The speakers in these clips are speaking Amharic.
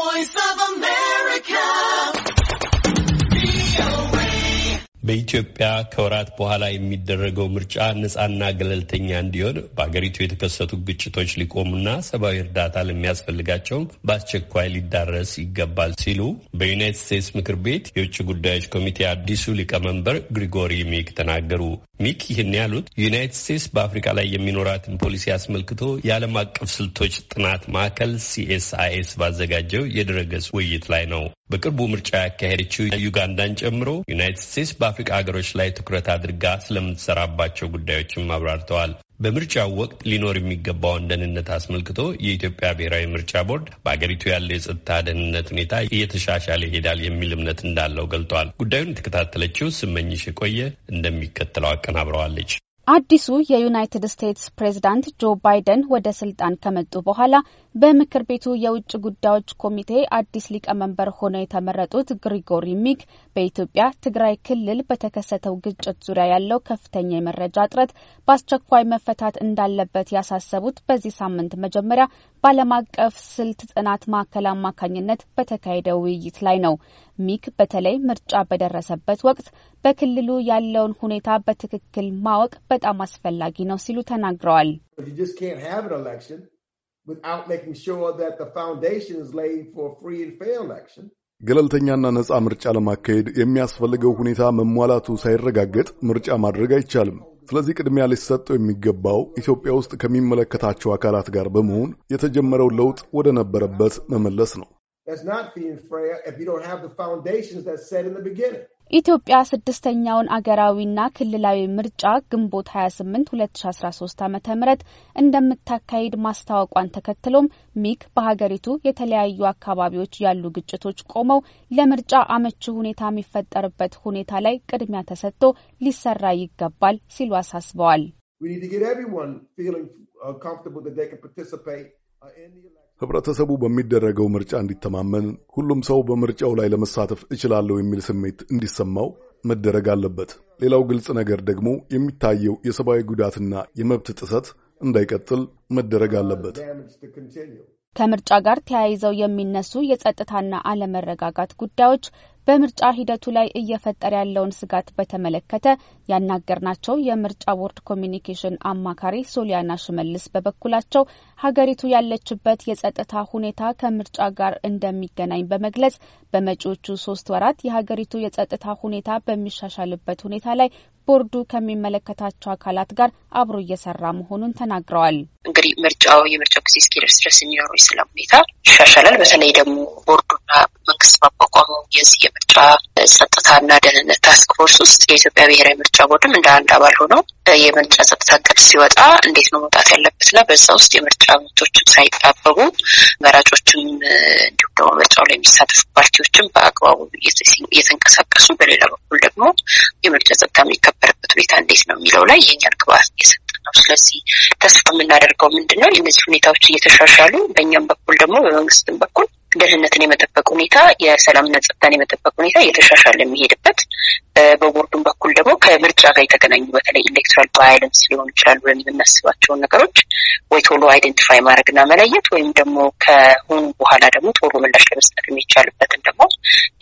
voice of America. በኢትዮጵያ ከወራት በኋላ የሚደረገው ምርጫ ነጻና ገለልተኛ እንዲሆን በሀገሪቱ የተከሰቱ ግጭቶች ሊቆሙና ሰብአዊ እርዳታ ለሚያስፈልጋቸውም በአስቸኳይ ሊዳረስ ይገባል ሲሉ በዩናይትድ ስቴትስ ምክር ቤት የውጭ ጉዳዮች ኮሚቴ አዲሱ ሊቀመንበር ግሪጎሪ ሚክ ተናገሩ። ሚክ ይህን ያሉት ዩናይትድ ስቴትስ በአፍሪካ ላይ የሚኖራትን ፖሊሲ አስመልክቶ የዓለም አቀፍ ስልቶች ጥናት ማዕከል ሲኤስአይኤስ ባዘጋጀው የድረገጽ ውይይት ላይ ነው። በቅርቡ ምርጫ ያካሄደችው ዩጋንዳን ጨምሮ ዩናይትድ ስቴትስ በአፍሪካ ሀገሮች ላይ ትኩረት አድርጋ ስለምትሰራባቸው ጉዳዮችም አብራርተዋል። በምርጫው ወቅት ሊኖር የሚገባውን ደህንነት አስመልክቶ የኢትዮጵያ ብሔራዊ ምርጫ ቦርድ በአገሪቱ ያለው የጸጥታ ደህንነት ሁኔታ እየተሻሻለ ይሄዳል የሚል እምነት እንዳለው ገልጧል። ጉዳዩን የተከታተለችው ስመኝሽ የቆየ እንደሚከተለው አቀናብረዋለች። አዲሱ የዩናይትድ ስቴትስ ፕሬዝዳንት ጆ ባይደን ወደ ስልጣን ከመጡ በኋላ በምክር ቤቱ የውጭ ጉዳዮች ኮሚቴ አዲስ ሊቀመንበር ሆነው የተመረጡት ግሪጎሪ ሚክ በኢትዮጵያ ትግራይ ክልል በተከሰተው ግጭት ዙሪያ ያለው ከፍተኛ የመረጃ እጥረት በአስቸኳይ መፈታት እንዳለበት ያሳሰቡት በዚህ ሳምንት መጀመሪያ በዓለም አቀፍ ስልት ጥናት ማዕከል አማካኝነት በተካሄደ ውይይት ላይ ነው። ሚክ በተለይ ምርጫ በደረሰበት ወቅት በክልሉ ያለውን ሁኔታ በትክክል ማወቅ በጣም አስፈላጊ ነው ሲሉ ተናግረዋል። ገለልተኛና ነፃ ምርጫ ለማካሄድ የሚያስፈልገው ሁኔታ መሟላቱ ሳይረጋገጥ ምርጫ ማድረግ አይቻልም። ስለዚህ ቅድሚያ ሊሰጠው የሚገባው ኢትዮጵያ ውስጥ ከሚመለከታቸው አካላት ጋር በመሆን የተጀመረው ለውጥ ወደ ነበረበት መመለስ ነው። ኢትዮጵያ ስድስተኛውን አገራዊና ክልላዊ ምርጫ ግንቦት 28 2013 ዓ ም እንደምታካሂድ ማስታወቋን ተከትሎም ሚክ በሀገሪቱ የተለያዩ አካባቢዎች ያሉ ግጭቶች ቆመው ለምርጫ አመቺ ሁኔታ የሚፈጠርበት ሁኔታ ላይ ቅድሚያ ተሰጥቶ ሊሰራ ይገባል ሲሉ አሳስበዋል። ህብረተሰቡ በሚደረገው ምርጫ እንዲተማመን ሁሉም ሰው በምርጫው ላይ ለመሳተፍ እችላለሁ የሚል ስሜት እንዲሰማው መደረግ አለበት። ሌላው ግልጽ ነገር ደግሞ የሚታየው የሰብአዊ ጉዳትና የመብት ጥሰት እንዳይቀጥል መደረግ አለበት። ከምርጫ ጋር ተያይዘው የሚነሱ የጸጥታና አለመረጋጋት ጉዳዮች በምርጫ ሂደቱ ላይ እየፈጠረ ያለውን ስጋት በተመለከተ ያናገርናቸው የምርጫ ቦርድ ኮሚኒኬሽን አማካሪ ሶሊያና ሽመልስ በበኩላቸው ሀገሪቱ ያለችበት የጸጥታ ሁኔታ ከምርጫ ጋር እንደሚገናኝ በመግለጽ በመጪዎቹ ሶስት ወራት የሀገሪቱ የጸጥታ ሁኔታ በሚሻሻልበት ሁኔታ ላይ ቦርዱ ከሚመለከታቸው አካላት ጋር አብሮ እየሰራ መሆኑን ተናግረዋል። እንግዲህ ምርጫው የምርጫው ጊዜ እስኪደርስ ድረስ የሚኖሩ ስለ ሁኔታ ይሻሻላል። በተለይ ደግሞ ቦርዱና መንግስት ማቋቋሙ የዚህ የምርጫ ጸጥታና ደህንነት ታስክ ፎርስ ውስጥ የኢትዮጵያ ብሔራዊ ምርጫ ቦርድም እንደ አንድ አባል ሆኖ የምርጫ ጸጥታ እቅድ ሲወጣ እንዴት ነው መውጣት ያለበት ና በዛ ውስጥ የምርጫ መብቶችም ሳይጣበቡ መራጮችም እንዲሁም ደግሞ ምርጫው ላይ የሚሳተፉ ፓርቲዎችም በአግባቡ እየተንቀሳቀሱ በሌላ በኩል ደግሞ የምርጫ ጸጥታ የሚከበርበት ሁኔታ እንዴት ነው የሚለው ላይ የእኛን ግብአት እየሰጠ ነው። ስለዚህ ተስፋ የምናደርገው ምንድን ነው እነዚህ ሁኔታዎች እየተሻሻሉ በእኛም በኩል ደግሞ በመንግስትም በኩል ደህንነትን የመጠበቅ ሁኔታ፣ የሰላምና ጸጥታን የመጠበቅ ሁኔታ እየተሻሻለ የሚሄድበት በቦርዱን በኩል ደግሞ ከምርጫ ጋር የተገናኙ በተለይ ኤሌክትራል ቫይለንስ ሊሆኑ ይችላሉ የምናስባቸውን ነገሮች ወይ ቶሎ አይደንቲፋይ ማድረግና መለየት ወይም ደግሞ ከሆኑ በኋላ ደግሞ ቶሎ ምላሽ ለመስጠት የሚቻልበትን ደግሞ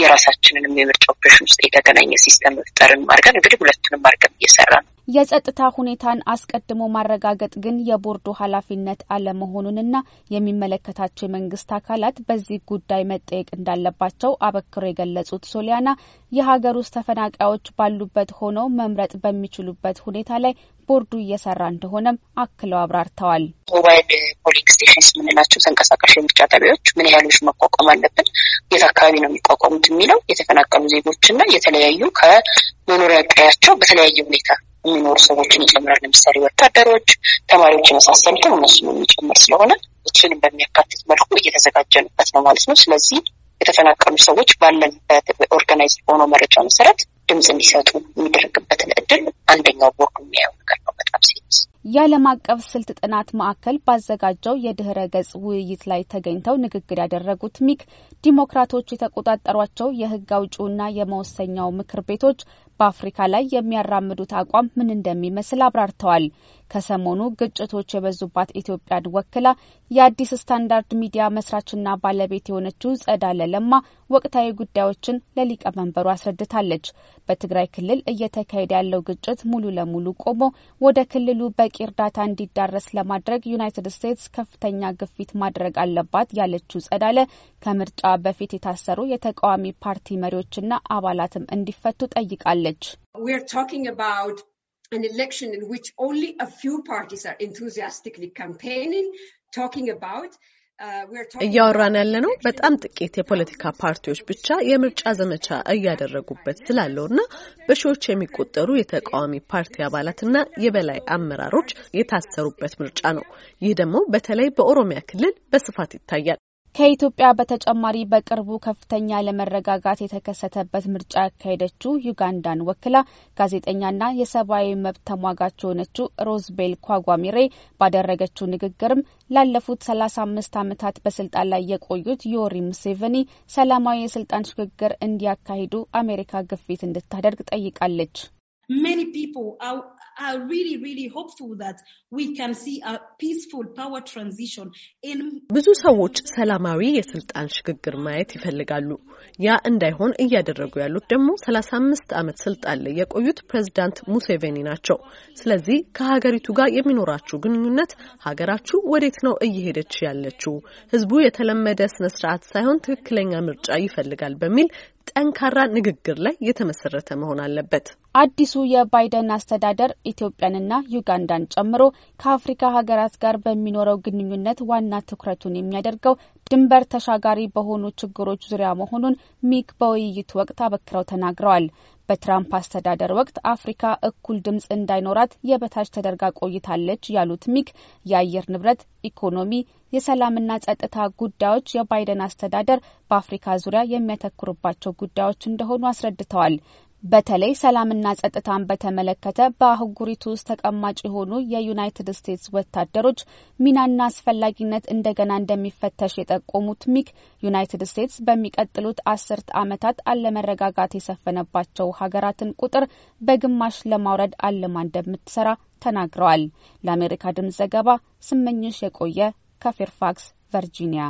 የራሳችንንም የምርጫ ኦፕሬሽን ውስጥ የተገናኘ ሲስተም መፍጠርን አድርገን እንግዲህ ሁለቱንም አድርገን እየሰራ ነው። የጸጥታ ሁኔታን አስቀድሞ ማረጋገጥ ግን የቦርዱ ኃላፊነት አለመሆኑንና የሚመለከታቸው የመንግስት አካላት በዚህ ጉዳይ መጠየቅ እንዳለባቸው አበክሮ የገለጹት ሶሊያና የሀገር ውስጥ ተፈናቃዮች ባሉበት ሆነው መምረጥ በሚችሉበት ሁኔታ ላይ ቦርዱ እየሰራ እንደሆነም አክለው አብራርተዋል። ሞባይል ፖሊንግ ስቴሽንስ የምንላቸው ተንቀሳቃሽ የምርጫ ጣቢያዎች ምን ያህሎች መቋቋም አለብን፣ የት አካባቢ ነው የሚቋቋሙት የሚለው የተፈናቀሉ ዜጎችና የተለያዩ ከመኖሪያ ቀያቸው በተለያየ ሁኔታ የሚኖሩ ሰዎችን ይጨምራል። ለምሳሌ ወታደሮች፣ ተማሪዎች የመሳሰሉትን እነሱ የሚጨምር ስለሆነ እችንም በሚያካትት መልኩ እየተዘጋጀንበት ነው ማለት ነው። ስለዚህ የተፈናቀሉ ሰዎች ባለንበት ኦርጋናይዝ በሆነው መረጃ መሰረት ድምፅ እንዲሰጡ የሚደረግበትን እድል አንደኛው ቦርዱ የሚያየው ነገር በጣም ሲሪየስ። የዓለም አቀፍ ስልት ጥናት ማዕከል ባዘጋጀው የድህረ ገጽ ውይይት ላይ ተገኝተው ንግግር ያደረጉት ሚክ ዲሞክራቶች የተቆጣጠሯቸው የህግ አውጪውና የመወሰኛው ምክር ቤቶች በአፍሪካ ላይ የሚያራምዱት አቋም ምን እንደሚመስል አብራርተዋል። ከሰሞኑ ግጭቶች የበዙባት ኢትዮጵያን ወክላ የአዲስ ስታንዳርድ ሚዲያ መስራችና ባለቤት የሆነችው ጸዳለ ለማ ወቅታዊ ጉዳዮችን ለሊቀመንበሩ አስረድታለች። በትግራይ ክልል እየተካሄደ ያለው ግጭት ሙሉ ለሙሉ ቆሞ ወደ ክልሉ በቂ እርዳታ እንዲዳረስ ለማድረግ ዩናይትድ ስቴትስ ከፍተኛ ግፊት ማድረግ አለባት ያለችው ጸዳለ ከምርጫ በፊት የታሰሩ የተቃዋሚ ፓርቲ መሪዎችና አባላትም እንዲፈቱ ጠይቃለች። an election in which only a few parties are enthusiastically campaigning, talking about እያወራን ያለነው በጣም ጥቂት የፖለቲካ ፓርቲዎች ብቻ የምርጫ ዘመቻ እያደረጉበት ስላለው እና በሺዎች የሚቆጠሩ የተቃዋሚ ፓርቲ አባላትና የበላይ አመራሮች የታሰሩበት ምርጫ ነው። ይህ ደግሞ በተለይ በኦሮሚያ ክልል በስፋት ይታያል። ከኢትዮጵያ በተጨማሪ በቅርቡ ከፍተኛ ለመረጋጋት የተከሰተበት ምርጫ ያካሄደችው ዩጋንዳን ወክላ ጋዜጠኛና የሰብአዊ መብት ተሟጋች የሆነችው ሮዝቤል ኳጓሚሬ ባደረገችው ንግግርም ላለፉት ሰላሳ አምስት ዓመታት በስልጣን ላይ የቆዩት ዮሪ ሙሴቨኒ ሰላማዊ የስልጣን ሽግግር እንዲያካሂዱ አሜሪካ ግፊት እንድታደርግ ጠይቃለች። are really, really hopeful that we can see a peaceful power transition in ብዙ ሰዎች ሰላማዊ የስልጣን ሽግግር ማየት ይፈልጋሉ። ያ እንዳይሆን እያደረጉ ያሉት ደግሞ ሰላሳ አምስት አመት ስልጣን ላይ የቆዩት ፕሬዚዳንት ሙሴቬኒ ናቸው። ስለዚህ ከሀገሪቱ ጋር የሚኖራችሁ ግንኙነት ሀገራችሁ ወዴት ነው እየሄደች ያለችው፣ ህዝቡ የተለመደ ስነ ስርዓት ሳይሆን ትክክለኛ ምርጫ ይፈልጋል በሚል ጠንካራ ንግግር ላይ የተመሰረተ መሆን አለበት። አዲሱ የባይደን አስተዳደር ኢትዮጵያንና ዩጋንዳን ጨምሮ ከአፍሪካ ሀገራት ጋር በሚኖረው ግንኙነት ዋና ትኩረቱን የሚያደርገው ድንበር ተሻጋሪ በሆኑ ችግሮች ዙሪያ መሆኑን ሚክ በውይይቱ ወቅት አበክረው ተናግረዋል። በትራምፕ አስተዳደር ወቅት አፍሪካ እኩል ድምፅ እንዳይኖራት የበታች ተደርጋ ቆይታለች ያሉት ሚክ የአየር ንብረት፣ ኢኮኖሚ፣ የሰላምና ጸጥታ ጉዳዮች የባይደን አስተዳደር በአፍሪካ ዙሪያ የሚያተኩርባቸው ጉዳዮች እንደሆኑ አስረድተዋል። በተለይ ሰላምና ጸጥታን በተመለከተ በአህጉሪቱ ውስጥ ተቀማጭ የሆኑ የዩናይትድ ስቴትስ ወታደሮች ሚናና አስፈላጊነት እንደገና እንደሚፈተሽ የጠቆሙት ሚክ ዩናይትድ ስቴትስ በሚቀጥሉት አስርት ዓመታት አለመረጋጋት የሰፈነባቸው ሀገራትን ቁጥር በግማሽ ለማውረድ አልማ እንደምትሰራ ተናግረዋል። ለአሜሪካ ድምጽ ዘገባ ስመኝሽ የቆየ ከፌርፋክስ ቨርጂኒያ